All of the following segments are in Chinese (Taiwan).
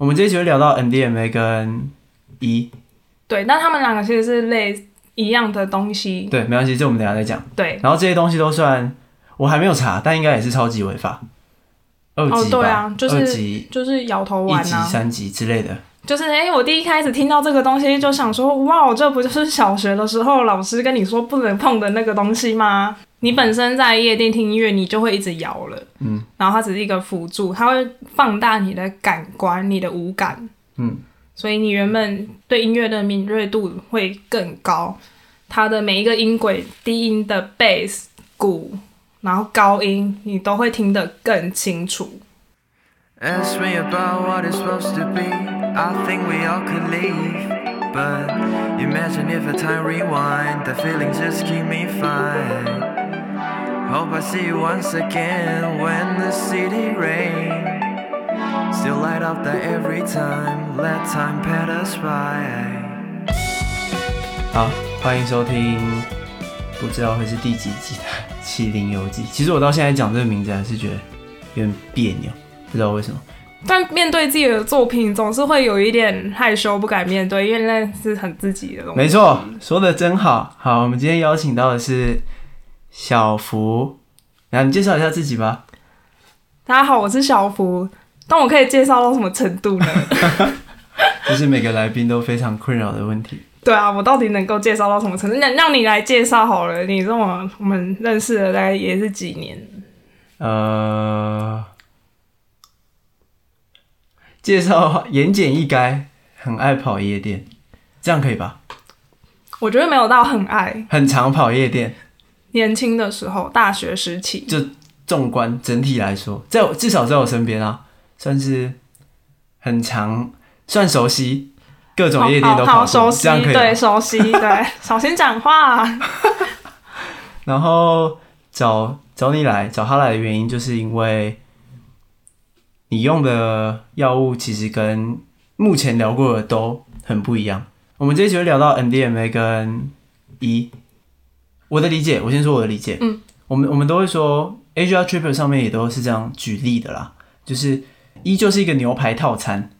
我們這一集會聊到 MDMA 跟一、E，對，那他們兩個其實是類一樣的東西。對，沒關係，這我們等一下再講。對，然後這些東西都算，我還沒有查，但應該也是超級違法，二級、哦、對啊，就是就是搖頭丸啊，三級之類的。就是哎、欸，我第一開始聽到這個東西就想說，哇，這不就是小學的時候老師跟你說不能碰的那個東西嗎？你本身在夜店聽音樂，你就會一直搖了，嗯，然後它只是一個輔助，它會放大你的感官，你的五感，嗯，所以你原本對音樂的敏銳度會更高，它的每一個音軌，低音的 bass 鼓，然後高音，你都會聽得更清楚。Ask me about what is supposed to be, I think we all could leave, but imagine if the time rewind, the feeling just keep me fine I hope I see you once again when the city rains Still light up every time, let time pet us right。好，歡迎收聽不知道會是第幾集的《啟靈遊記》。其實我到現在講這個名字還是覺得有點別扭，不知道為什麼。但面對自己的作品總是會有一點害羞，不敢面對，因為那是很自己的東西。沒錯，說得真好。好，我們今天邀請到的是。小福，那、啊、你介紹一下自己吧。大家好，我是小福。但我可以介紹到什麼程度呢？這 是每個來賓都非常困擾的問題。對啊，我到底能夠介紹到什麼程度？讓讓你來介紹好了。你跟我們我們認識了，大概也是幾年？呃，介紹言簡意賅，很愛跑夜店，這樣可以吧？我覺得沒有到很愛，很常跑夜店。年輕的時候，大學時期就縱觀整體來說，在我，至少在我身邊啊，算是很強，算熟悉，各種夜店都好熟悉，對熟悉 對小心講話。 然後找找你來找他來的原因，就是因為你用的藥物其實跟目前聊過的都很不一樣。我們這一期會聊到 NDMA 跟 E。我的理解，我先說我的理解。嗯，我們我們都會說，Asia Tripper 上面也都是這樣舉例的啦，就是一就是一個牛排套餐，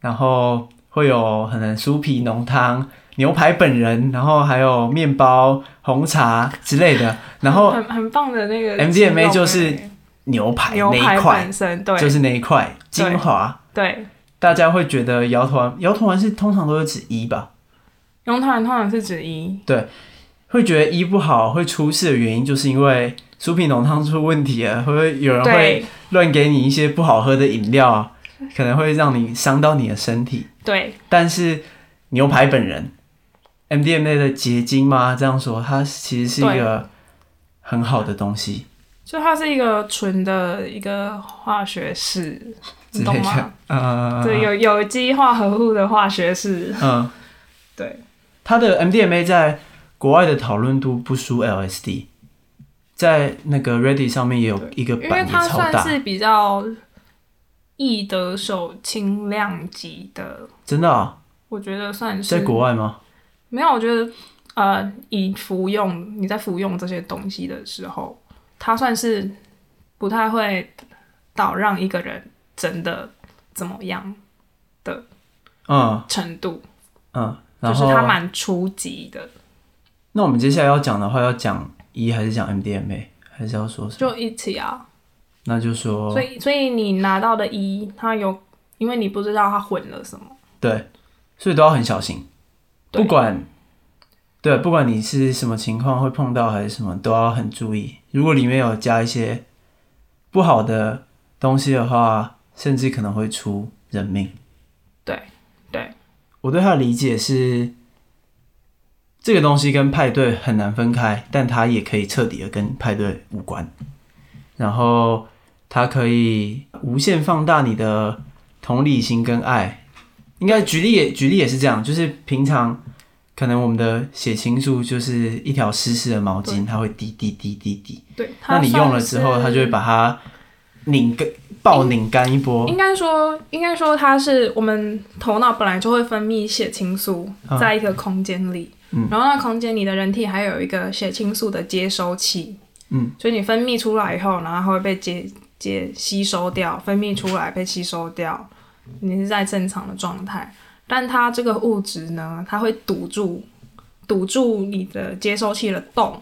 然後會有可能酥皮濃湯、牛排本人，然後還有麵包、紅茶之類的。然後很很棒的那個 MDMA 就是牛排那一塊，對，就是那一塊精華。對，大家會覺得搖頭丸搖頭丸是通常都是指一吧？搖頭丸通常是指一，對。會覺得醫不好會出事的原因，就是因為酥皮濃湯出問題啊。會不會有人會亂給你一些不好喝的飲料，可能會讓你傷到你的身體。對，但是牛排本人，MDMA 的結晶嗎？這樣說，它其實是一個很好的東西，就它是一個純的一個化學式，你懂嗎？對、嗯，有有機化合物的化學式。嗯， 對，它的 MDMA 在國外的討論度不輸 LSD，在那個 Reddit 上面也有一個，因為它算是比較易得手、輕量級的。真的啊？我覺得算是，在國外嗎？沒有，我覺得呃，你服用你在服用這些東西的時候，它算是不太會導讓一個人真的怎麼樣的嗯，程度，嗯，嗯就是它蠻初級的。那我們接下來要講的話，要講 E 還是講 MDMA，還是要說什麼？就一起啊。那就說，所以所以你拿到的 E，它有，因為你不知道它混了什麼，對，所以都要很小心。對，不管，對，不管你是什麼情況會碰到還是什麼，都要很注意。如果裡面有加一些不好的東西的話，甚至可能會出人命。對，對，我對它的理解是。這個東西跟派對很難分開，但它也可以徹底的跟派對無關。然後它可以無限放大你的同理心跟愛。應該舉例也舉例也是這樣，就是平常可能我們的血清素就是一條濕濕的毛巾，它會滴滴滴滴滴。對，它是，那你用了之後，它就會把它擰乾，爆擰乾一波。應該說，應該說它是我們頭腦本來就會分泌血清素，在一個空間裡。啊。嗯、然後那空間裡的人體還有一個血清素的接收器，嗯，所以你分泌出來以後，然後它會被接接吸收掉，分泌出來被吸收掉，你是在正常的狀態。但它這個物質呢，它會堵住堵住你的接收器的洞，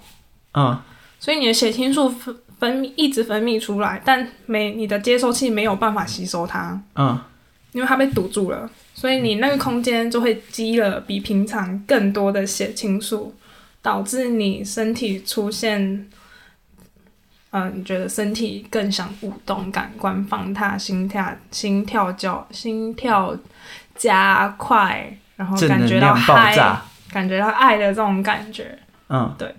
啊、嗯，所以你的血清素分分泌一直分泌出來，但沒你的接收器沒有辦法吸收它，嗯，因為它被堵住了。所以你那個空間就會積了比平常更多的血清素，導致你身體出現，嗯、呃，你覺得身體更想舞動感官，放大心跳心跳心跳加快，然後感覺到嗨，感覺到愛的這種感覺。嗯，對，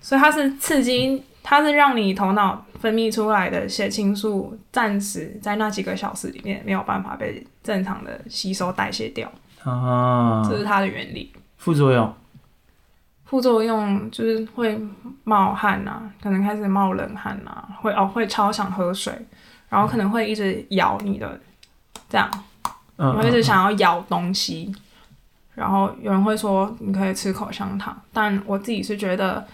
所以它是刺激。它是讓你頭腦分泌出來的血清素，暫時在那幾個小時裡面沒有辦法被正常的吸收代謝掉啊，這是它的原理。副作用，副作用就是會冒汗啊，可能開始冒冷汗啊，會哦，會超想喝水，然後可能會一直咬你的這樣，嗯，會一直想要咬東西，嗯。然後有人會說你可以吃口香糖，但我自己是覺得。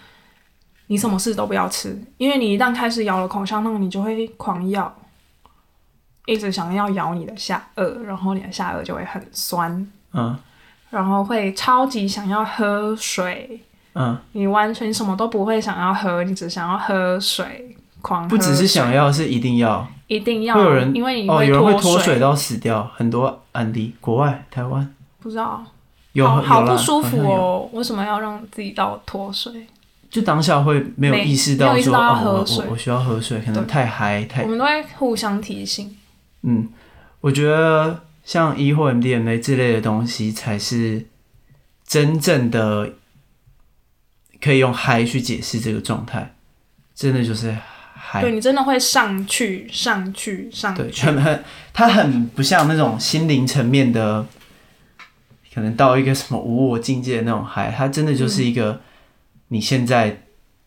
你什麼事都不要吃，因為你一旦開始咬了口香糖，那你就會狂咬，一直想要咬你的下顎，然後你的下顎就會很酸，嗯，然後會超級想要喝水，嗯，你完全什麼都不會想要喝，你只想要喝水，狂喝水，不只是想要，是一定要，一定要。有人因為你會脫、哦、會脫水到死掉，很多案例，國外、台灣不知道，有好，好不舒服哦，為什麼要讓自己到脫水？就當下會沒有意識到說到哦，我我需要喝水，可能太嗨，太，我們都在互相提醒。嗯，我覺得像 E 或 MDMA 之類的東西，才是真正的可以用嗨去解釋這個狀態。真的就是嗨，對，你真的會上去，上去，上去。對，很，很它很不像那種心靈層面的，可能到一個什麼無我境界的那種嗨，它真的就是一個。嗯你現在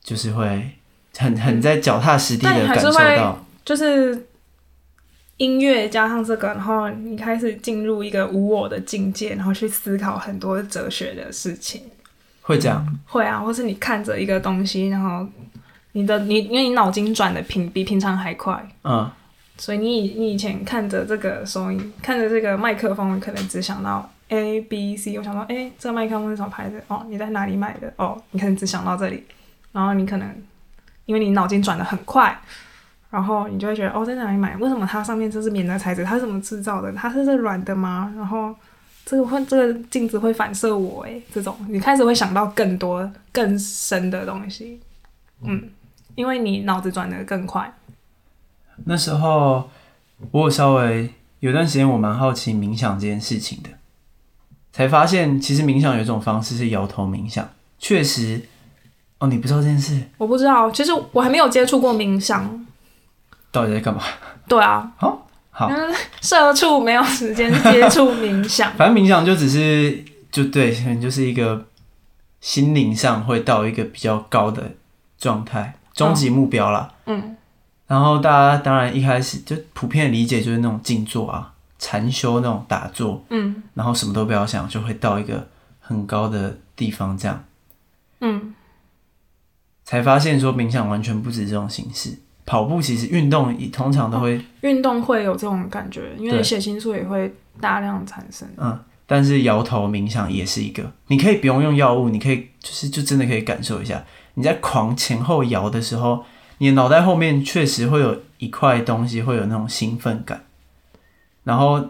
就是會很很在腳踏實地的感受到，就是音樂加上這個，然後你開始進入一個無我的境界，然後去思考很多哲學的事情，會這樣？嗯，會啊，或是你看着一個東西，然後你的你因為你腦筋轉的平比平常還快，嗯，所以你以你以前看着這個收音，看着這個麥克風，可能只想到。a b c，我想到哎、欸，這個麥克風是什麼牌子？哦，你在哪裡買的？哦，你看，只想到這裡，然後你可能因為你腦筋轉的很快，然後你就會覺得，哦，在哪裡買？為什麼它上面這是棉的材質？它是怎麼制造的？它是軟的嗎？然後這個會這個鏡子會反射我、欸？哎，這種你開始會想到更多更深的東西。嗯，因為你腦子轉的更快。那時候我稍微有段時間，我蠻好奇冥想這件事情的。才發現，其實冥想有一種方式是搖頭冥想，確實。哦，你不知道這件事？我不知道，其實我還沒有接觸過冥想。到底在幹嘛？對啊，哦、好，好、嗯。社畜沒有時間接觸冥想。 反正冥想就只是，就對，可能就是一個心靈上會到一個比較高的狀態，終極目標啦、嗯。嗯。然後大家當然一開始就普遍理解就是那種靜坐啊。禪修那種打坐，嗯，然後什麼都不要想，就會到一個很高的地方，這樣，嗯，才發現說冥想完全不止這種形式。跑步其實運動也通常都會，哦，運動會有這種感覺，因為你血清素也會大量產生。嗯，但是搖頭冥想也是一個，你可以不用用藥物，你可以就是就真的可以感受一下，你在狂前後搖的時候，你的腦袋後面確實會有一塊東西會有那種興奮感。然後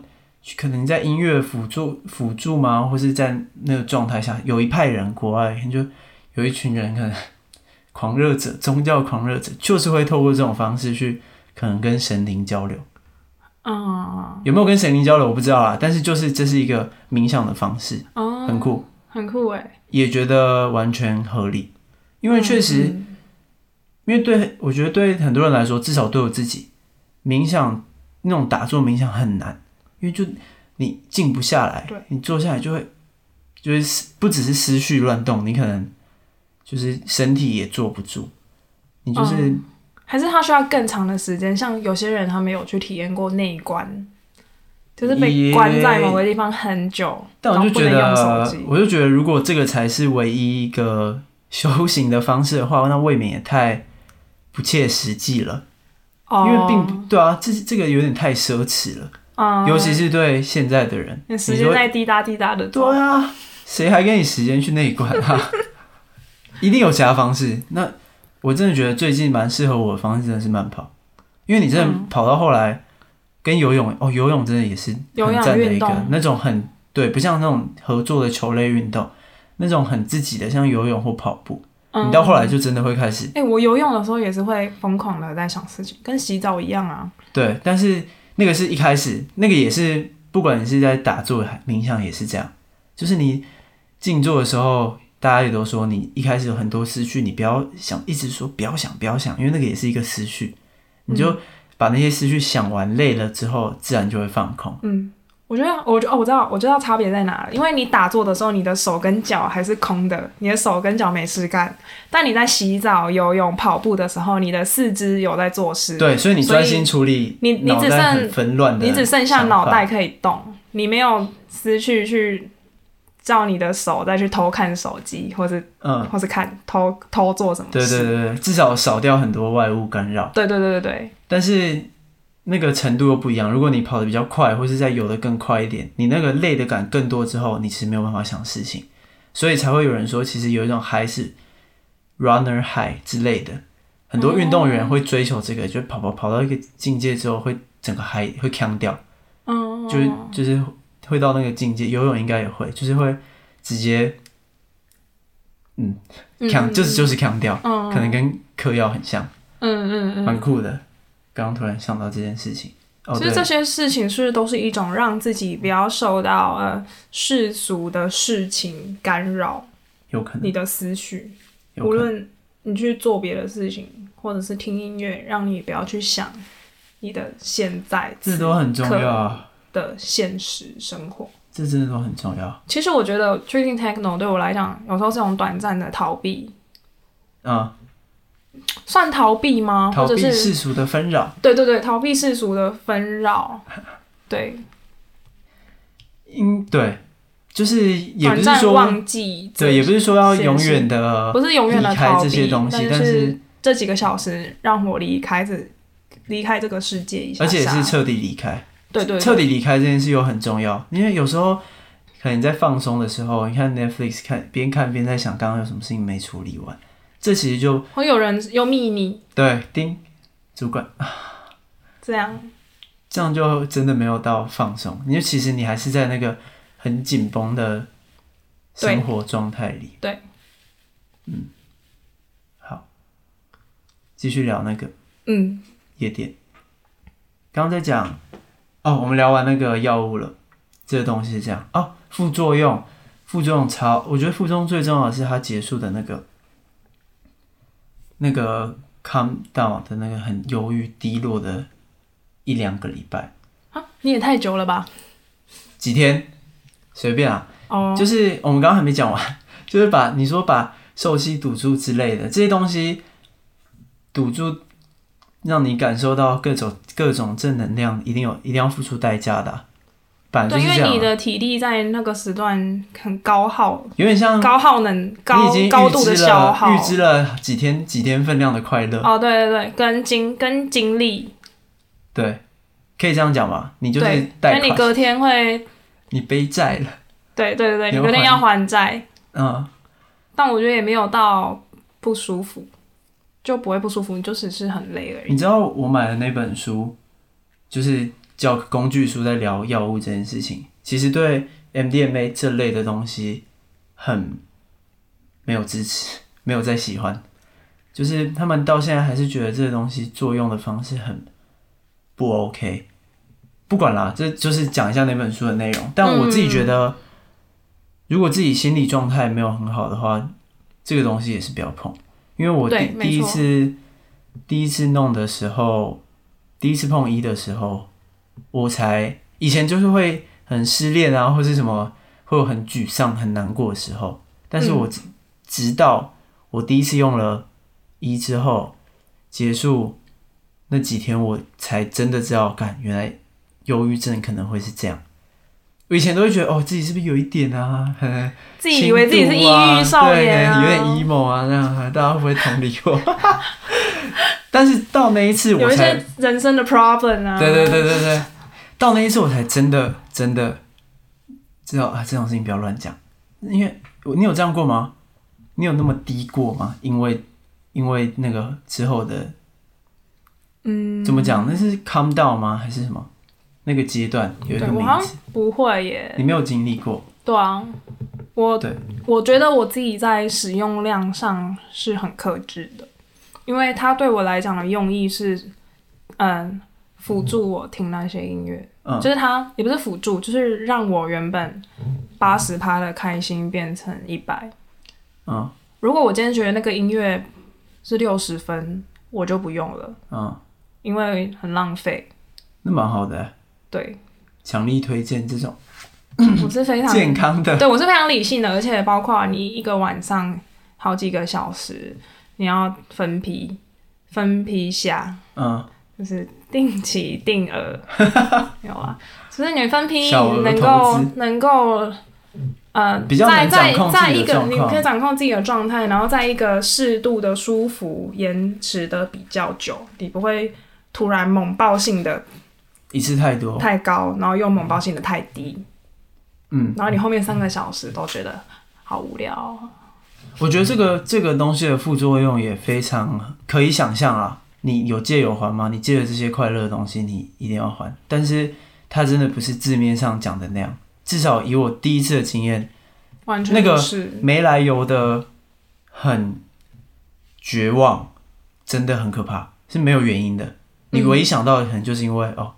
可能在音樂輔助輔助嘛，或是在那個狀態下，有一派人國外就有一群人可能狂熱者、宗教狂熱者，就是會透過這種方式去可能跟神靈交流。啊、uh...，有沒有跟神靈交流我不知道啦，但是就是這是一個冥想的方式，uh... 很酷，很酷誒、欸，也覺得完全合理，因為確實，uh... 因為對，我覺得對很多人來說，至少對我自己冥想。那種打坐冥想很難，因為就你靜不下來，對，你坐下來就會，就是不只是思緒亂動，你可能就是身體也坐不住，你就是、嗯、還是他需要更長的時間。像有些人他沒有去體驗過內觀，關，就是被關在某個地方很久。不能但我就覺得用手機，我就覺得如果這個才是唯一一個修行的方式的話，那未免也太不切實際了。因為並不對啊，這這個有點太奢侈了，嗯，尤其是對現在的人，時間在滴答滴答的。對啊，誰還給你時間去內觀啊？ 一定有其他方式。那我真的覺得最近蠻適合我的方式，真的是慢跑，因為你真的跑到後來，跟游泳哦，游泳真的也是很讚的一個那種很，對，不像那種合作的球類運動，那種很自己的像游泳或跑步。你到後來就真的會開始。哎、嗯，欸，我游泳的時候也是會瘋狂的在想事情，跟洗澡一樣啊。對，但是那個是一開始，那個也是，不管你是在打坐、冥想，也是這樣。就是你靜坐的時候，大家也都說，你一開始有很多思緒，你不要想，一直說不要想，不要想，因為那個也是一個思緒，你就把那些思緒想完，累了之後、嗯，自然就會放空。嗯。我覺得，我覺哦，我知道，我知道差別在哪裡。因為你打坐的時候，你的手跟腳還是空的，你的手跟腳沒事幹。但你在洗澡、游泳、跑步的時候，你的四肢有在做事。對，所以你專心處理，你你只剩紛亂，你只剩下腦袋可以動，你沒有失去去叫你的手再去偷看手機，或是嗯，或是看偷偷做什麼事。對對對，至少少掉很多外物干擾。對對對對對。但是。那個程度又不一樣。如果你跑得比較快，或是在游得更快一點，你那個累的感更多之後，你其實沒有辦法想事情，所以才會有人說，其實有一種 high 是 runner high 之類的。很多運動員會追求這個，oh. 就跑跑跑到一個境界之後，會整個 high 會鏘掉。哦、oh.。就是就是會到那個境界，游泳應該也會，就是會直接嗯鏘，就是就是鏘掉。Mm. 可能跟嗑藥很像。嗯嗯嗯。蠻酷的。剛剛突然想到這件事情，哦，其實這些事情是不是都是一種讓自己不要受到呃、嗯嗯、世俗的事情干擾？有可能。你的思緒，無論你去做別的事情，或者是聽音樂，讓你不要去想你的現在。這都很重要。的現實生活，這真的都很重要。其實我覺得最近 techno 對我來講，有時候是種短暫的逃避。啊、嗯。算逃避嗎？逃避世俗的紛擾。對對對，逃避世俗的紛擾。對。嗯，對，就是也不是說忘記，對，也不是說要永遠的，不是永遠的離開這些東西，但是這幾個小時讓我離開這，離開這個世界一下，而且是徹底離開。對對對，徹底離開這件事又很重要，因為有時候可能在放鬆的時候，你看 Netflix 看，邊看邊在想剛剛有什麼事情沒處理完。這其實就，很有人有秘密。對，叮主管，這樣，這樣就真的沒有到放鬆。因為其實你還是在那個很緊繃的生活狀態裡。對，嗯，好，繼續聊那個，嗯，夜店。剛才講，哦，我們聊完那個藥物了。這個東西這樣哦，副作用，副作用超。我覺得副作用最重要的是它結束的那個。那個 come down 的那個很憂鬱低落的一兩個禮拜啊，你也太久了吧？幾天，隨便啊。哦，就是我們剛剛還沒講完，就是把你說把受器堵住之類的這些東西堵住，讓你感受到各種各種正能量，一定有，一定要付出代價的啊。啊、對，因為你的體力在那個時段很高耗，有點像高耗能、高高度的消耗，預支了幾天幾天分量的快樂。哦，對對對，跟精跟精力，對，可以這樣講吧，你就是貸款，你隔天會你背債了。對對對，你隔天要還債。嗯，但我覺得也沒有到不舒服，就不會不舒服，你就只是很累而已。你知道我買的那本書，就是。教工具書在聊藥物這件事情，其實對 MDMA 這類的東西很沒有支持，沒有再喜歡，就是他們到現在還是覺得這個東西作用的方式很不 OK。不管啦，這就是講一下那本書的內容。但我自己覺得，嗯、如果自己心理狀態沒有很好的話，這個東西也是不要碰。因為我第第一次第一次弄的時候，第一次碰一的時候。我才以前就是會很失戀啊，或是什麼會有很沮喪、很難過的時候。但是，我直到我第一次用了 E 之後結束那幾天，我才真的知道，幹，原來憂鬱症可能會是這樣。我以前都會覺得，哦，自己是不是有一點啊？自己以為自己是抑鬱少年、啊，啊、對你有點 emo 啊，那樣大家會不會同理我？ 但是到那一次我才有一些人生的 problem 啊。對對對對對，到那一次我才真的真的知道啊，這種事情不要亂講。因為你有這樣過嗎？你有那麼低過嗎？因為因為那個之後的，嗯，怎麼講？那是 come down 嗎？還是什麼？那個階段有一個名字？我好像不會耶。你沒有經歷過。對啊，我對我覺得我自己在使用量上是很克制的。因為它對我來講的用意是，嗯，輔助我聽那些音樂，嗯、就是它也不是輔助，就是讓我原本八十趴的開心變成一百、嗯。嗯，如果我今天覺得那個音樂是六十分，我就不用了。嗯，因為很浪費。嗯、那蠻好的。對，強力推薦這種。我是非常健康的，對，我是非常理性的，而且包括你一個晚上好幾個小時。你要分批，分批下，嗯，就是定期定額， 有啊，只、就是你分批，能夠，能夠，呃，比較在在在一個你可以掌控自己的狀態，嗯，然後在一個適度的舒服，延遲的比較久，你不會突然猛爆性的，一次太多，太高，然後又猛爆性的太低，嗯，然後你後面三個小時都覺得好無聊。我覺得這個、嗯、這個東西的副作用也非常可以想象啊！你有借有還嗎？你借了這些快樂的東西，你一定要還。但是它真的不是字面上講的那樣，至少以我第一次的經驗，那個沒來由的很絕望，真的很可怕，是沒有原因的。你唯一想到的可能就是因為、嗯、哦，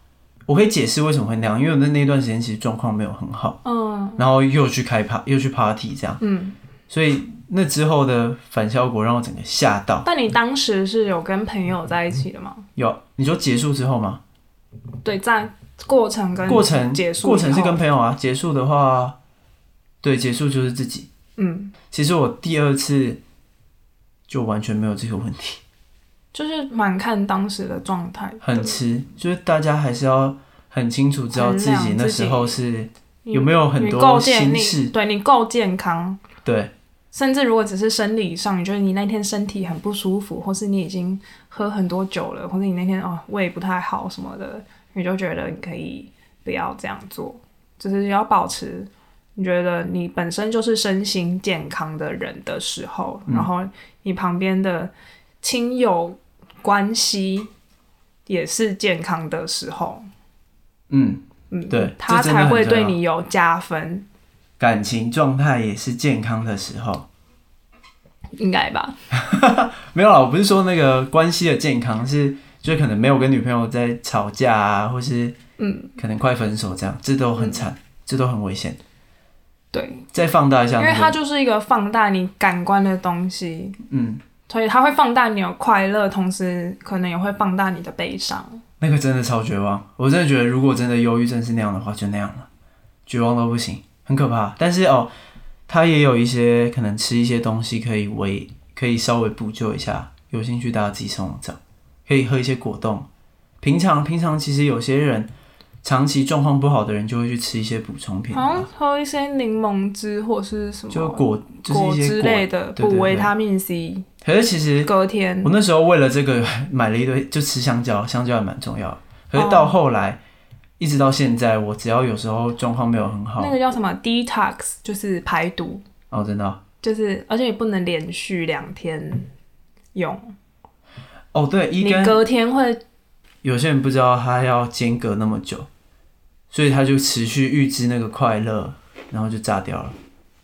我可以解釋為什麼會那樣，因為那那段時間其實狀況沒有很好，嗯、然後又去開趴又去 party 這樣，嗯、所以。那之後的反效果讓我整個嚇到。但你當時是有跟朋友在一起的嗎？嗯，有，你說結束之後嗎？對，在過程跟過程結束，過程是跟朋友啊，結束的話，對，結束就是自己。嗯，其實我第二次就完全沒有這個問題，就是蠻看當時的狀態，很吃，就是大家還是要很清楚知道自己那時候是有沒有很多心事。對你夠健康，對。甚至如果只是生理上，你覺得你那天身體很不舒服，或是你已經喝很多酒了，或是你那天哦胃不太好什麼的，你就覺得你可以不要這樣做，就是要保持你覺得你本身就是身心健康的人的時候，嗯、然後你旁邊的親友關係也是健康的時候，嗯嗯，對，他才會對你有加分，感情狀態也是健康的時候。應該吧， 沒有啦。我不是說那個關係的健康，是就是可能沒有跟女朋友在吵架啊，或是嗯，可能快分手這樣，嗯、這都很慘、嗯，這都很危險。對，再放大一下、那個，因為它就是一個放大你感官的東西。嗯，所以它會放大你的快樂，同時可能也會放大你的悲傷。那個真的超絕望，我真的覺得，如果真的憂鬱症是那樣的話，就那樣了，絕望都不行，很可怕。但是哦。他也有一些可能吃一些東西可以維可以稍微補救一下，有興趣大家自己上網找。可以喝一些果凍，平常平常其實有些人長期狀況不好的人就會去吃一些補充品，好像喝一些檸檬汁或是什麼，就果就是一些果，果之類的補維他命 C，對對對。可是其實隔天我那時候為了這個買了一堆，就吃香蕉，香蕉還蠻重要。可是到後來。Oh. 一直到現在，我只要有時候狀況沒有很好，那個叫什麼 detox，就是排毒哦，真的，啊，就是而且也不能連續兩天用，嗯、哦，對，一根你隔天會，有些人不知道他要間隔那麼久，所以他就持續預支那個快樂，然後就炸掉了。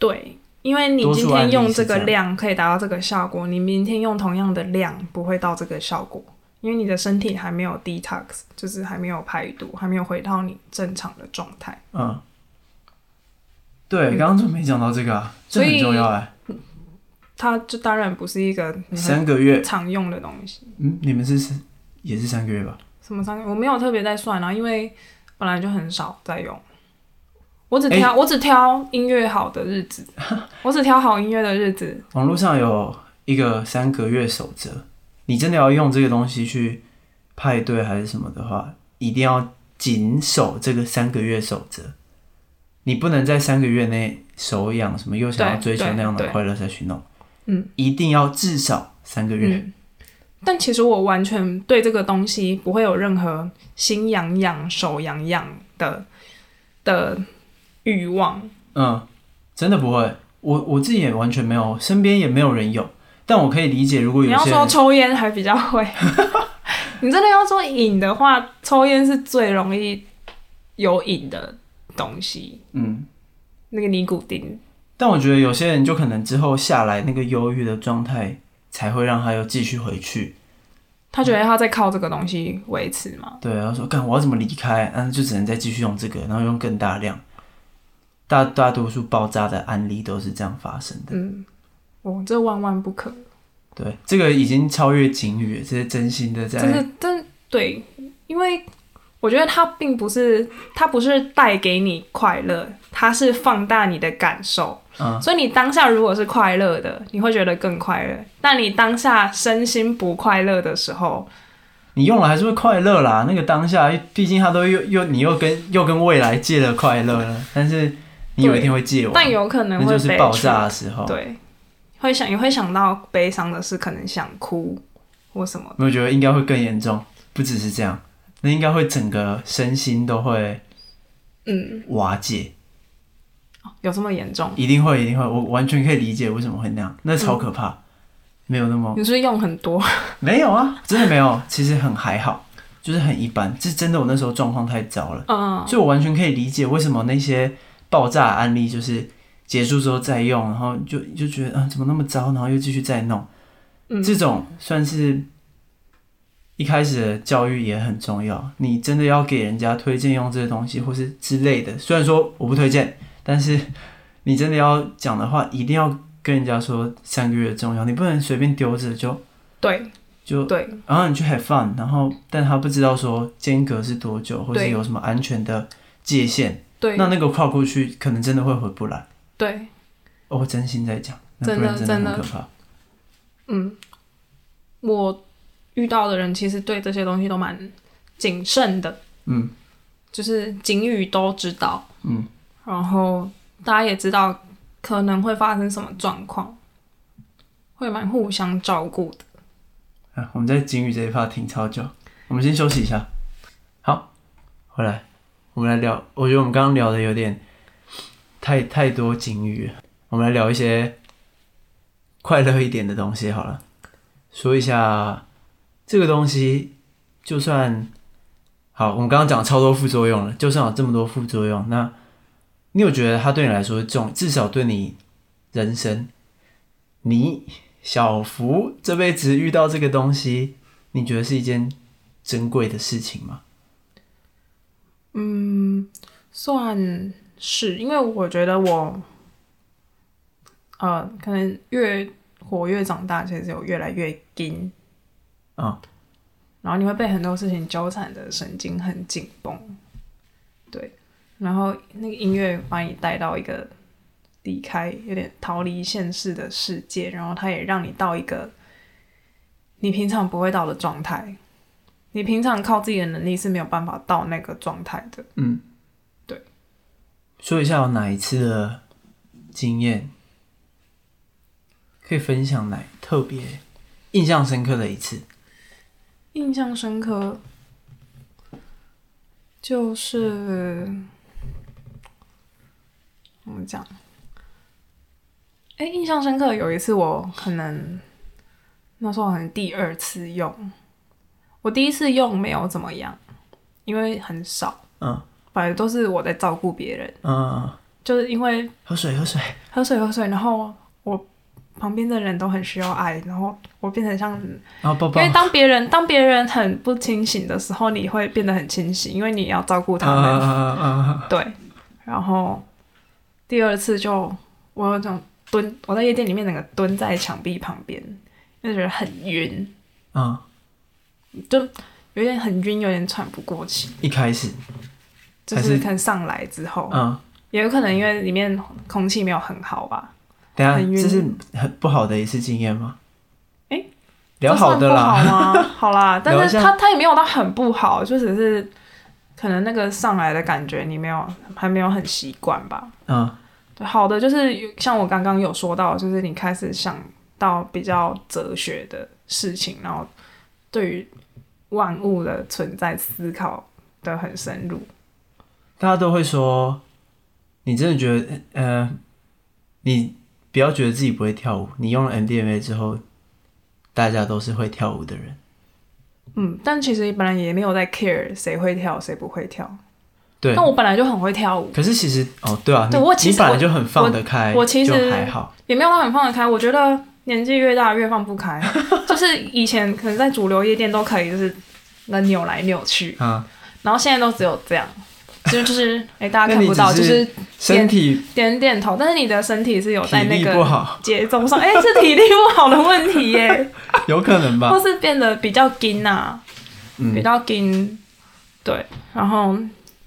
對，因為你今天用這個量可以達到這個效果，你明天用同樣的量不會到這個效果。因為你的身體還沒有 detox，就是還沒有排毒，還沒有回到你正常的狀態。嗯，對，剛剛準備講到這個啊，所以這很重要、欸、它就當然不是一個三個月常用的東西。嗯，你們是也是三個月吧？什麼三個月？我沒有特別在算啊，因為本來就很少在用。我只挑、欸、我只挑音樂好的日子， 我只挑好音樂的日子。網絡上有一個三個月守則。你真的要用這個東西去派對還是什麼的話，一定要謹守這個三個月守則。你不能在三個月內手癢什麼，又想要追求那樣的快樂再去弄。嗯，一定要至少三個月，嗯。但其實我完全對這個東西不會有任何心癢癢、手癢癢的的欲望。嗯，真的不會。我我自己也完全沒有，身邊也沒有人有。但我可以理解，如果有些人、嗯、你要說抽菸還比較會， 你真的要說癮的話，抽菸是最容易有癮的東西。嗯，那個尼古丁。但我覺得有些人就可能之後下來那個憂鬱的狀態，才會讓他又繼續回去。他覺得他在靠這個東西維持嗎？嗯、對、啊，他說看，我要怎麼離開、啊？就只能再繼續用這個，然後用更大量。大大多數爆炸的案例都是這樣發生的。嗯。哦，這萬萬不可。對，這個已經超越警語，這是真心的在。就是真的對，因為我覺得它並不是，它不是帶給你快樂，它是放大你的感受。嗯。所以你當下如果是快樂的，你會覺得更快樂。那你當下身心不快樂的時候，你用了還是會快樂啦。那個當下，畢竟他都又又你又跟又跟未來借了快樂了，但是你有一天會借完，但有可能會被爆炸的時候。對。會想也會想到悲傷的事，可能想哭或什麼的。我覺得應該會更嚴重，不只是這樣，那應該會整個身心都會，嗯，瓦解。有這麼嚴重？一定會，一定會。我完全可以理解為什麼會那樣，那超可怕，嗯。沒有那麼，你是不是用很多？ 沒有啊，真的沒有。其實很還好，就是很一般。是，真的，我那時候狀況太糟了啊，嗯，所以我完全可以理解為什麼那些爆炸的案例就是。結束之後再用，然後就就覺得啊，怎麼那麼糟？然後又繼續再弄。嗯，這種算是一開始的教育也很重要。你真的要給人家推薦用這些東西，或是之類的，雖然說我不推薦，嗯，但是你真的要講的話，一定要跟人家說三個月重要，你不能隨便丟着就對，就對。然後你去 have fun，然後但他不知道說間隔是多久，或是有什麼安全的界限，對，那那個跨過去可能真的會回不來。對，我、哦，真心在講，真的真的，真的可怕。嗯，我遇到的人其實對這些東西都蠻謹慎的。嗯，就是警語都知道。嗯，然後大家也知道可能會發生什麼狀況，會蠻互相照顧的、啊。我們在警語這一塊停超久，我們先休息一下。好，回來，我們來聊。我覺得我們剛剛聊的有點。太太多警語，我們來聊一些快樂一點的東西好了。說一下這個東西，就算，好，我們剛剛講了超多副作用了，就算有這麼多副作用，那你有覺得它對你來說重？至少對你人生，你小福這輩子遇到這個東西，你覺得是一件珍貴的事情嗎？嗯，算。是因為我覺得我，呃，可能越活越長大，其實我越來越緊。哦，然後你會被很多事情糾纏的神經很緊繃，對，然後那個音樂把你帶到一個離開有點逃離現實的世界，然後它也讓你到一個你平常不會到的狀態，你平常靠自己的能力是沒有辦法到那個狀態的，嗯。說一下我哪一次的經驗，可以分享哪特別印象深刻的一次？印象深刻就是怎麼講？哎、欸，印象深刻有一次我可能那時候好像第二次用，我第一次用沒有怎麼樣，因為很少。嗯。反正都是我在照顧別人，嗯，就是因為喝水，喝水，喝水，喝水。然後我旁邊的人都很需要愛，然後我變成像，啊、寶寶，因為當別人當別人很不清醒的時候，你會變得很清醒，因為你要照顧他們。嗯、啊啊啊啊、對。然後第二次就我有種蹲，我在夜店裡面那個蹲在牆壁旁邊，因為覺得很暈，嗯就有點很暈，有點喘不過氣。一開始。就是看上來之後，嗯，也有可能因為裡面空氣沒有很好吧。對啊，這是很不好的一次經驗嗎？哎、欸，聊好的啦。這算不好嗎？好啦，但是它他也沒有到很不好，就只是可能那個上來的感覺你沒有還沒有很習慣吧。嗯，好的，就是像我剛剛有說到，就是你開始想到比較哲學的事情，然後對於萬物的存在思考的很深入。大家都會說，你真的覺得，呃，你不要覺得自己不會跳舞。你用了 MDMA 之後，大家都是會跳舞的人。嗯，但其實你本來也沒有在 care 誰會跳，誰不會跳。對。那我本來就很會跳舞，可是其實，哦，對啊，對，你我其實我本來就很放得開，就我，我其實還好，也沒有很放得開。我覺得年紀越大越放不開， 就是以前可能在主流夜店都可以，就是能扭來扭去，嗯、啊，然後現在都只有這樣。 就是哎、欸，大家看不到，是就是身體點點頭，但是你的身體是有在那個節奏上，哎、 欸，是體力不好的問題耶， 有可能吧，或是變得比較緊吶、啊嗯，比較緊，對，然後，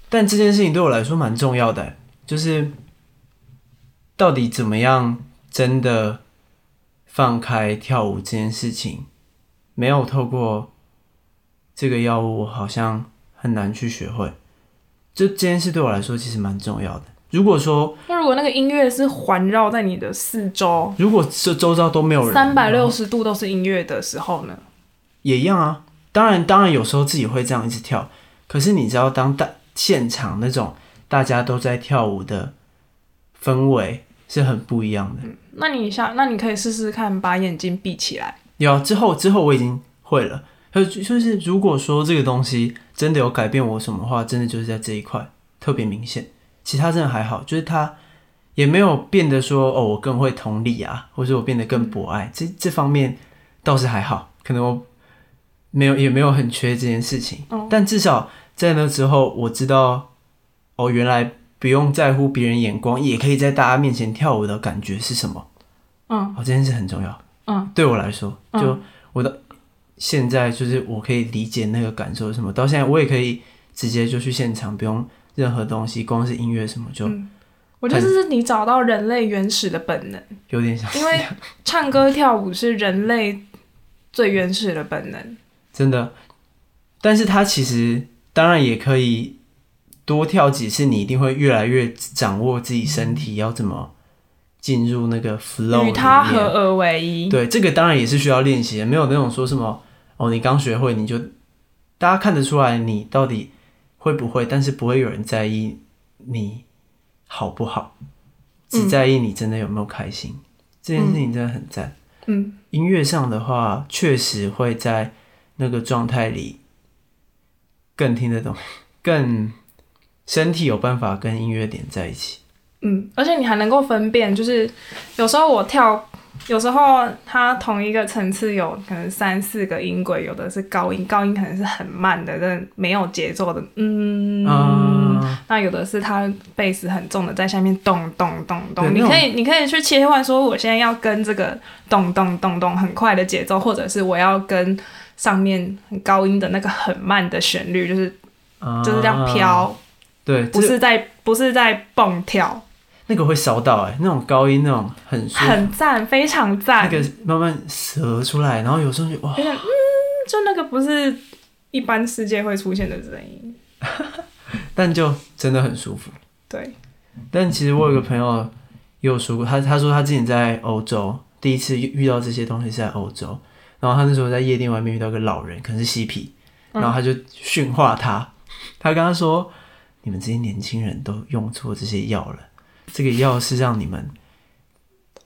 但這件事情對我來說蠻重要的，就是到底怎麼樣真的放開跳舞這件事情，沒有透過這個藥物，好像很難去學會。這這件事對我來說其實蠻重要的。如果說，那如果那個音樂是環繞在你的四周，如果這周遭都沒有人，三百六十度都是音樂的時候呢？也一樣啊。當然，當然有時候自己會這樣一直跳。可是你知道，當大現場那種大家都在跳舞的氛圍是很不一樣的。嗯，那你想，那你可以試試看，把眼睛閉起來。有啊，之後之後我已經會了。還有就是，如果說這個東西。真的有改變我什麼的話，真的就是在這一塊特別明顯，其他真的還好，就是他也沒有變得說哦，我更會同理啊，或者我變得更博愛，這這方面倒是還好，可能我沒有也沒有很缺這件事情，哦、但至少在那之後，我知道哦，原來不用在乎別人眼光，也可以在大家面前跳舞的感覺是什麼，嗯，哦、這件事很重要，嗯，對我來說，就我的。嗯現在就是我可以理解那個感受是什麼，到現在我也可以直接就去現場，不用任何東西，光是音樂什麼就、嗯，我覺得這是你找到人類原始的本能，有點像，因為唱歌跳舞是人類最原始的本能， 真的。但是他其實當然也可以多跳幾次，你一定會越來越掌握自己身體、嗯、要怎麼進入那個 flow，與他合而為一。對，這個當然也是需要練習的，沒有那種說什麼。哦，你剛學會你就，大家看得出來你到底會不會，但是不會有人在意你好不好，只在意你真的有沒有開心。嗯，這件事情真的很讚。嗯，音樂上的話，確實會在那個狀態裡更聽得懂，更身體有辦法跟音樂點在一起。嗯，而且你還能夠分辨，就是有時候我跳。有時候它同一個層次有可能三四個音軌，有的是高音，高音可能是很慢的，但沒有節奏的，嗯，uh, 那有的是它貝斯很重的在下面咚咚咚咚，你可以你可以去切換，說我現在要跟這個咚咚咚咚很快的節奏，或者是我要跟上面很高音的那個很慢的旋律，就是、uh, 就是這樣飄，對，不是在不是在蹦跳。那個會燒到哎、欸，那種高音，那種很很讚，非常讚。那個慢慢折出來，然後有時候就哇，嗯，就那個不是一般世界會出現的聲音， 但就真的很舒服。對，但其實我有個朋友、嗯、也有說過，他他說他之前在歐洲第一次遇到這些東西是在歐洲，然後他那時候在夜店外面遇到一個老人，可能是嬉皮，然後他就訓話他、嗯，他跟他說：“你們這些年輕人都用錯這些藥了。”這個藥是讓你們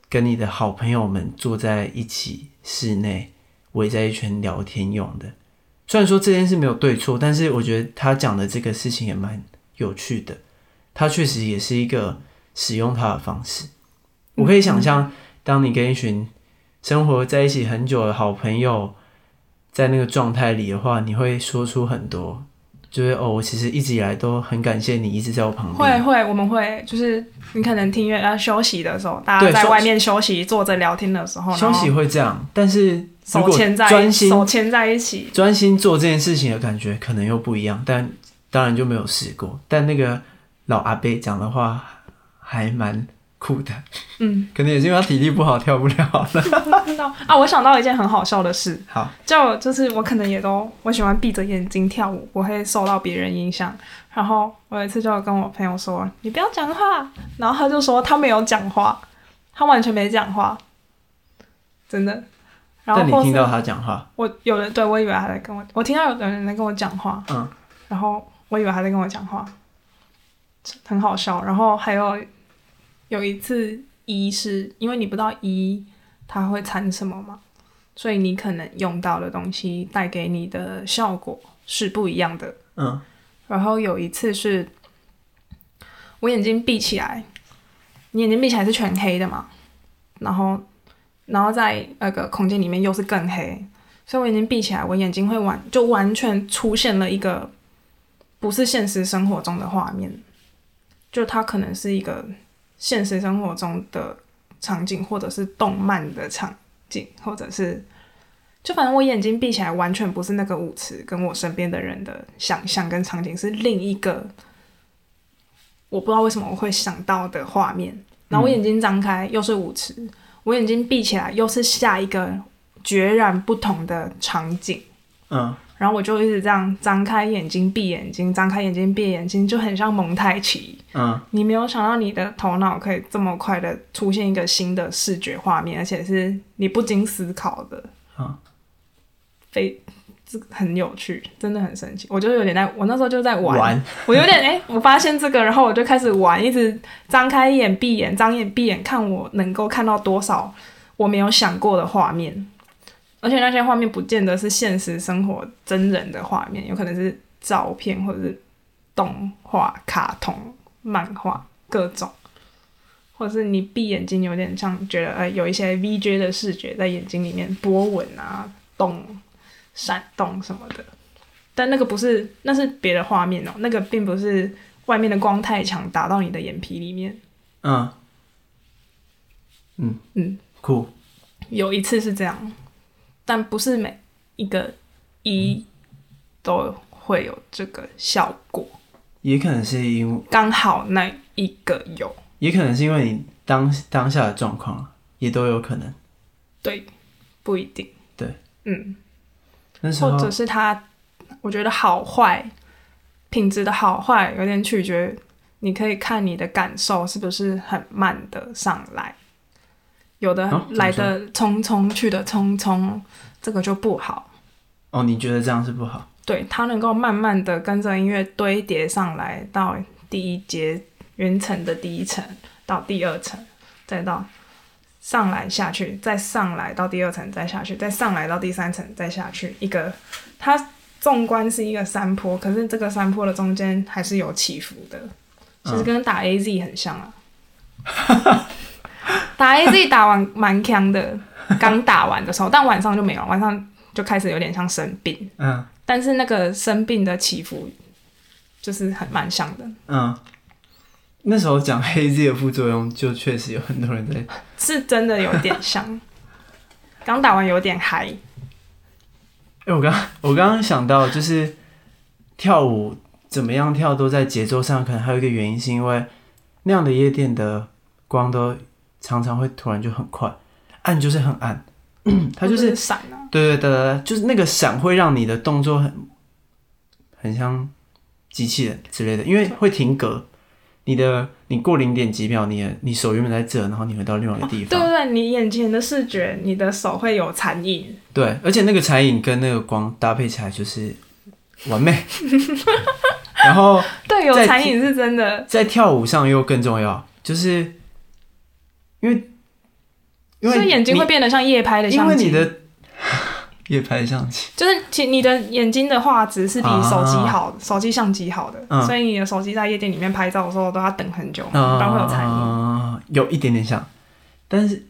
跟你的好朋友們坐在一起，室內圍在一圈，聊天用的。雖然說這件事沒有對錯，但是我覺得他講的這個事情也蠻有趣的。他確實也是一個使用它的方式。我可以想象，當你跟一群生活在一起很久的好朋友在那個狀態裡的話，你會說出很多。就是哦，我其實一直以來都很感謝你，一直在我旁邊。會會，我們會就是你可能聽音樂、呃、休息的時候，大家在外面休息，坐着聊天的時候。休息會這樣，但是如果專心手牽在一起，專心做這件事情的感覺可能又不一樣。但當然就沒有試過。但那個老阿伯講的話還蠻。的，嗯，可能也是因為他體力不好，跳不了了。 啊，我想到一件很好笑的事，好，就就是我可能也都我喜歡閉着眼睛跳舞，不會受到別人影響。然後我有一次就跟我朋友說：“你不要講話。”然後他就說：“他沒有講話，他完全沒講話，真的。”然後但你聽到他講話？我有人對我以為他在跟我，我聽到有人在跟我講話，嗯，然後我以為他在跟我講話，很好笑。然後還有。有一次，一是因為你不知道一它會產什麼嘛，所以你可能用到的東西帶給你的效果是不一樣的。嗯，然後有一次是，我眼睛閉起來，你眼睛閉起來是全黑的嘛？然後，然後在那個空間裡面又是更黑，所以我眼睛閉起來，我眼睛會完就完全出現了一個不是現實生活中的畫面，就它可能是一個。現實生活中的場景，或者是動漫的場景，或者是，就反正我眼睛閉起來，完全不是那個舞池跟我身邊的人的想象跟場景，是另一個，我不知道為什麼我會想到的畫面。然後我眼睛張開、嗯、又是舞池，我眼睛閉起來又是下一個，截然不同的場景。嗯。然後我就一直這樣張開眼睛、閉眼睛、張開眼睛、閉眼睛，就很像蒙太奇。嗯，你沒有想到你的頭腦可以這麼快的出現一個新的視覺畫面，而且是你不經思考的。啊、嗯，非、欸，這很有趣，真的很神奇。我就有點在，我那時候就在玩，玩我有點哎、欸，我發現這個，然後我就開始玩， 一直張開眼、閉眼、張眼、閉眼，看我能夠看到多少我沒有想過的畫面。而且那些畫面不見得是現實生活真人的畫面，有可能是照片或者是動畫、卡通、漫畫各種，或者是你閉眼睛，有點像覺得呃有一些 VJ 的視覺在眼睛裡面波紋啊動、閃動什麼的，但那個不是，那是別的畫面哦、喔，那個並不是外面的光太強打到你的眼皮裡面。嗯，嗯嗯，酷、cool。有一次是這樣。但不是每一個一、e、都會有這個效果，也可能是因為剛好那一個有，也可能是因為你當當下的狀況也都有可能，對，不一定，對，嗯，或者是他，我覺得好壞品質的好壞有點取決，你可以看你的感受是不是很慢的上來。有的、哦、來的匆匆，去的匆匆，這個就不好。哦，你覺得這樣是不好？對，它能夠慢慢的跟着音樂堆疊上來，到第一節雲層的第一層，到第二層，再到上來下去，再上來到第二層再下去，再上來到第三層再下去。一個它縱觀是一個山坡，可是這個山坡的中間還是有起伏的，其、嗯、實、就是、跟打 A Z 很像啊。 打 AZ 打完蠻強的，剛 打完的時候，但晚上就沒有，晚上就開始有點像生病。嗯，但是那個生病的起伏就是很蠻像的。嗯，那時候講 AZ 的副作用，就確實有很多人在，是真的有點像。剛 打完有點嗨。哎、欸，我剛我剛剛想到，就是跳舞怎麼樣跳都在節奏上，可能還有一個原因是因為那樣的夜店的光都。常常會突然就很快，暗就是很暗，它就是閃了，啊。對對對對，就是那個閃會讓你的動作很很像機器人之類的，因為會停格。你的你過零點幾秒，你也你手原本在這，然後你回到另外一個地方。哦，對對，你眼前的視覺，你的手會有殘影。對，而且那個殘影跟那個光搭配起來就是完美。 然後對，有殘影是真的，在，在跳舞上又更重要，就是。因為，因為你眼睛會變得像夜拍的相機，因為你的 夜拍相機，就是其你的眼睛的畫質是比手機好，啊、手機相機好的、嗯，所以你的手機在夜店裡面拍照的時候都要等很久，啊、不然會有殘影，有一點點像，但是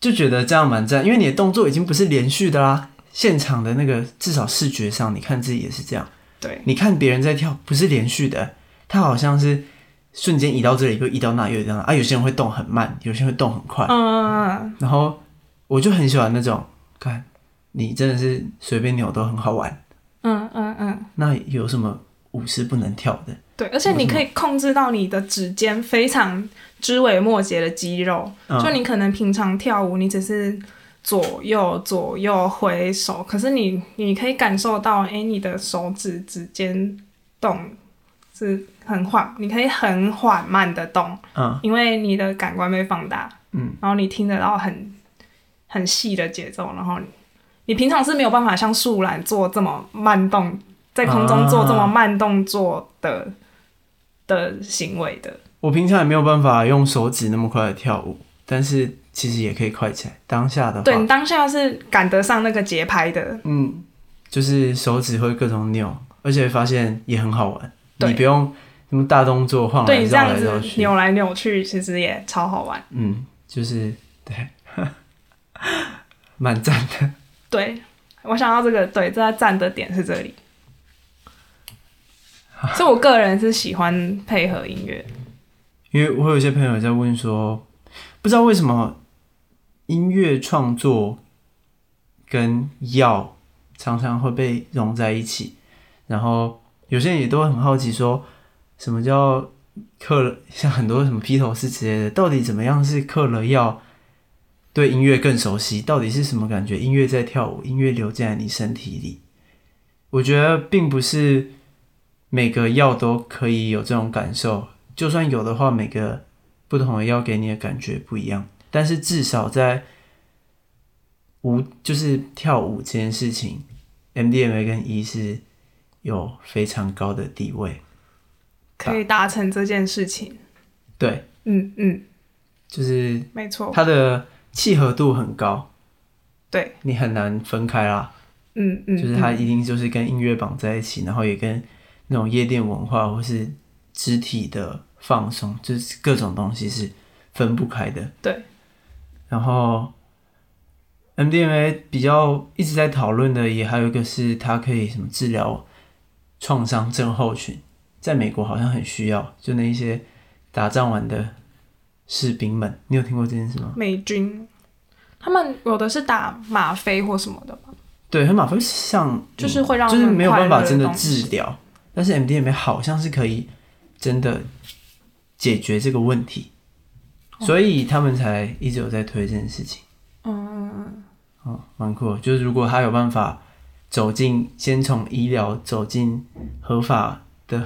就覺得這樣蠻讚，因為你的動作已經不是連續的啦、啊，現場的那個至少視覺上，你看自己也是這樣，對，你看別人在跳不是連續的，他好像是。瞬間移到這裡又移到那裡又移樣。啊，有些人會動很慢，有些人會動很快。嗯嗯嗯。然後我就很喜歡那種，看，你真的是隨便扭都很好玩。嗯嗯嗯。那有什麼舞是不能跳的？對，而且你可以控制到你的指尖非常枝微末節的肌肉、嗯。就你可能平常跳舞，你只是左右左右揮手，可是你你可以感受到，哎、欸，你的手指指尖動是。很緩，你可以很緩慢的動，嗯、啊，因為你的感官被放大，嗯，然後你聽得到很很細的節奏，然後你,你平常是沒有辦法像樹懶做這麼慢動，在空中做這麼慢動作的、啊、的行為的。我平常也沒有辦法用手指那麼快的跳舞，但是其實也可以快起來。當下的話，對，你當下是趕得上那個節拍的，嗯，就是手指會各種扭，而且發現也很好玩，你不用。用大動作晃來晃去繞去，對這樣子扭來扭去，其實也超好玩。嗯，就是對，蠻 讚的。對，我想到這個，對，這個讚的點是這裡。啊、所以，我個人是喜歡配合音樂，因為我有些朋友在問說，不知道為什麼音樂創作跟藥常常會被融在一起，然後有些人也都很好奇說。什麼叫嗑了？像很多什麼披頭士之類的，到底怎麼樣是嗑了藥？對音樂更熟悉，到底是什麼感覺？音樂在跳舞，音樂流在你身體裡。我覺得並不是每個藥都可以有這種感受，就算有的話，每個不同的藥給你的感覺不一樣。但是至少在舞，就是跳舞這件事情，MDMA 跟 E 是有非常高的地位。可以達成這件事情，對，嗯嗯，就是沒錯，它的契合度很高，對，你很難分開啦，嗯嗯，就是它一定就是跟音樂綁在一起，嗯，然後也跟那種夜店文化或是肢體的放鬆，就是各種東西是分不開的，對。然後，MDMA 比較一直在討論的，也還有一個是它可以什麼治療創傷症候群。在美國好像很需要，就那一些打仗完的士兵們，你有聽過這件事嗎？美軍，他們有的是打嗎啡或什麼的吧？對，和嗎啡像就是會讓就是沒有辦法真的治療、嗯，但是 MDMA 好像是可以真的解決這個問題，所以他們才一直有在推這件事情。嗯、哦、嗯嗯，哦，蠻酷，就是如果他有辦法走進，先從醫療走進合法的。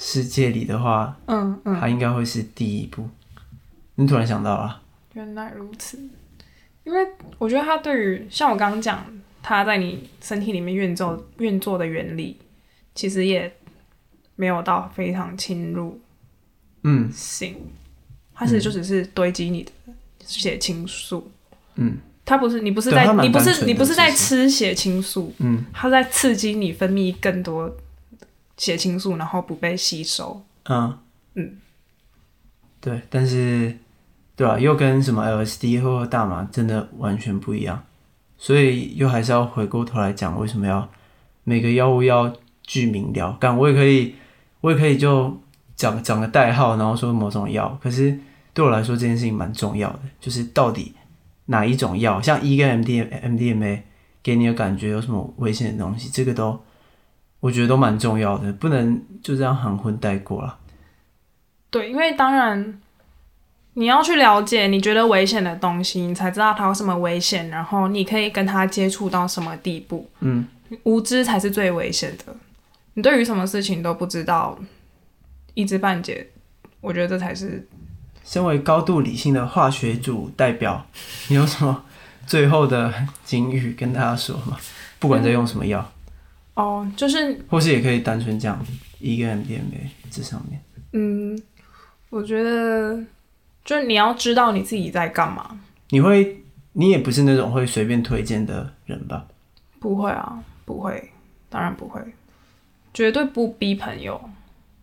世界裡的話，嗯嗯，它應該會是第一步。你突然想到啊，原來如此，因為我覺得它對於像我剛剛講，它在你身體裡面運作運作的原理，其實也，沒有到非常侵入，嗯，性，它其實就只是堆積你的血清素，嗯，它不是你不是在你不是你不是，你不是在吃血清素，嗯，它在刺激你分泌更多，血清素，然後不被吸收。嗯嗯，對，但是對吧？啊，又跟什麼 LSD 或者大麻真的完全不一樣，所以又還是要回過頭來講，為什麼要每個藥物要具名聊，但我也可以，我也可以就講講個代號，然後說某種藥。可是對我來說，這件事情蠻重要的，就是到底哪一種藥，像 E 跟 MDM MDMA 給你的感覺有什麼危險的東西，這個都。我覺得都蠻重要的，不能就這樣含混帶過了。對，因為當然你要去了解你覺得危險的東西，你才知道它有什麼危險，然後你可以跟他接觸到什麼地步。嗯，無知才是最危險的。你對於什麼事情都不知道，一知半解，我覺得這才是。身為高度理性的化學組代表，你有什麼最後的警語跟他說嗎？不管在用什麼藥。嗯哦、oh,，就是，或是也可以單純這樣一個人點唄，這上面。嗯，我覺得，就是你要知道你自己在幹嘛。你會，你也不是那種會隨便推薦的人吧？不會啊，不會，當然不會，絕對不逼朋友。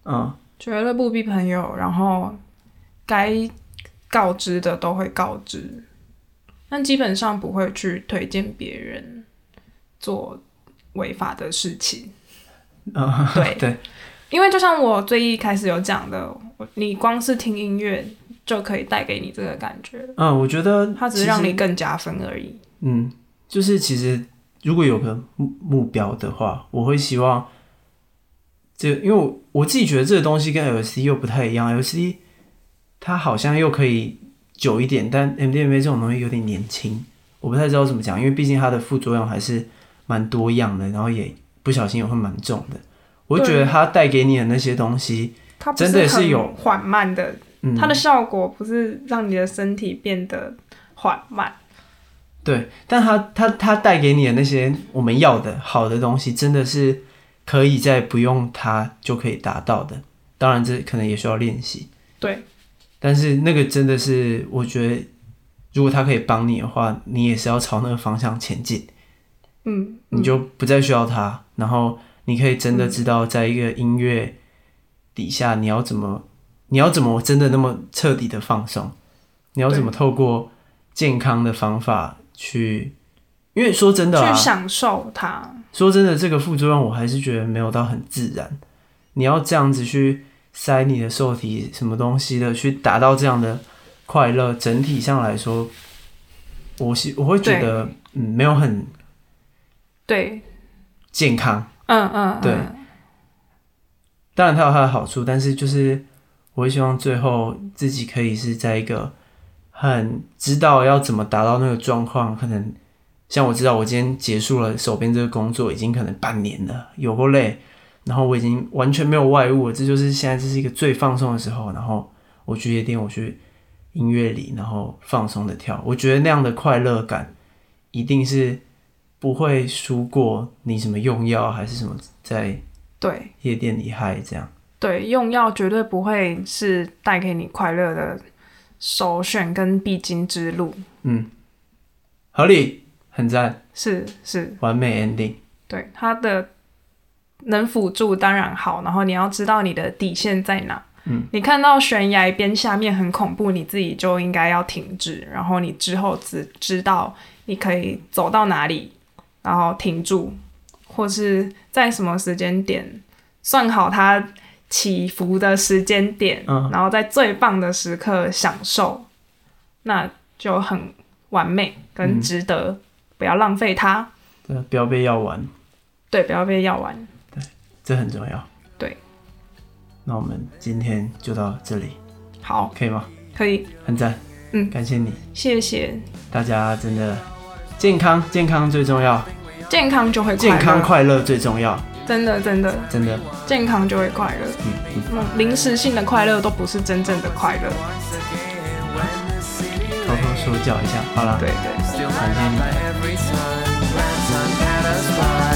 啊、uh.，絕對不逼朋友，然後該告知的都會告知，但基本上不會去推薦別人做。違法的事情，uh, 對 對，因為就像我最一開始有講的，你光是聽音樂就可以帶給你這個感覺。嗯、uh,，我覺得它只是讓你更加分而已。嗯，就是其實如果有個目目標的話，我會希望、這個，這因為我我自己覺得這個東西跟 LSD 又不太一樣，LSD 它好像又可以久一點，但 M D M A 這種東西有點年輕，我不太知道怎麼講，因為畢竟它的副作用還是。蠻多樣的，然後也不小心也會蠻重的。我覺得他帶給你的那些東西，真的是有緩慢的。它、嗯、它的效果不是讓你的身體變得緩慢。對，但它它它帶給你的那些我們要的好的東西，真的是可以在不用它就可以達到的。當然，這可能也需要練習。對，但是那個真的是，我覺得如果他可以幫你的話，你也是要朝那個方向前進。嗯，你就不再需要它、嗯，然後你可以真的知道，在一個音樂底下，你要怎麼、嗯，你要怎麼真的那麼徹底的放鬆，你要怎麼透過健康的方法去，因為說真的、啊、去享受它。說真的，這個副作用我還是覺得沒有到很自然。你要這樣子去塞你的受體什麼東西的，去達到這樣的快樂，整體上來說，我是我會覺得嗯，沒有很。對，健康，嗯嗯，對，當然它有它的好處，但是就是，我會希望最後自己可以是在一個很知道要怎麼達到那個狀況，可能像我知道，我今天結束了手邊這個工作，已經可能半年了，有夠累，然後我已經完全沒有外物，這就是現在這是一個最放鬆的時候，然後我去夜店，我去音樂裡，然後放鬆的跳，我覺得那樣的快樂感一定是。不會輸過你什麼用藥還是什麼在對夜店裡嗨這樣對，對用藥絕對不會是帶給你快樂的首選跟必經之路。嗯，合理，很讚，是，是完美 ending。對它的能輔助當然好，然後你要知道你的底線在哪。嗯，你看到懸崖邊下面很恐怖，你自己就應該要停止，然後你之後只知道你可以走到哪裡。然後停住，或是在什麼時間點算好它起伏的時間點，嗯，然後在最棒的時刻享受，那就很完美，跟值得，嗯，不要浪費它。對，不要被藥丸。對，不要被藥丸。對，這很重要。對。那我們今天就到這裡。好，可以嗎？可以。很讚。嗯，感謝你。謝謝。大家真的健康，健康最重要。健康就會快樂，健康快樂最重要。真的，真的，真的，健康就會快樂。嗯嗯，臨時性的快樂都不是真正的快樂，嗯。偷偷說教一下，好了。對對，對，反正。嗯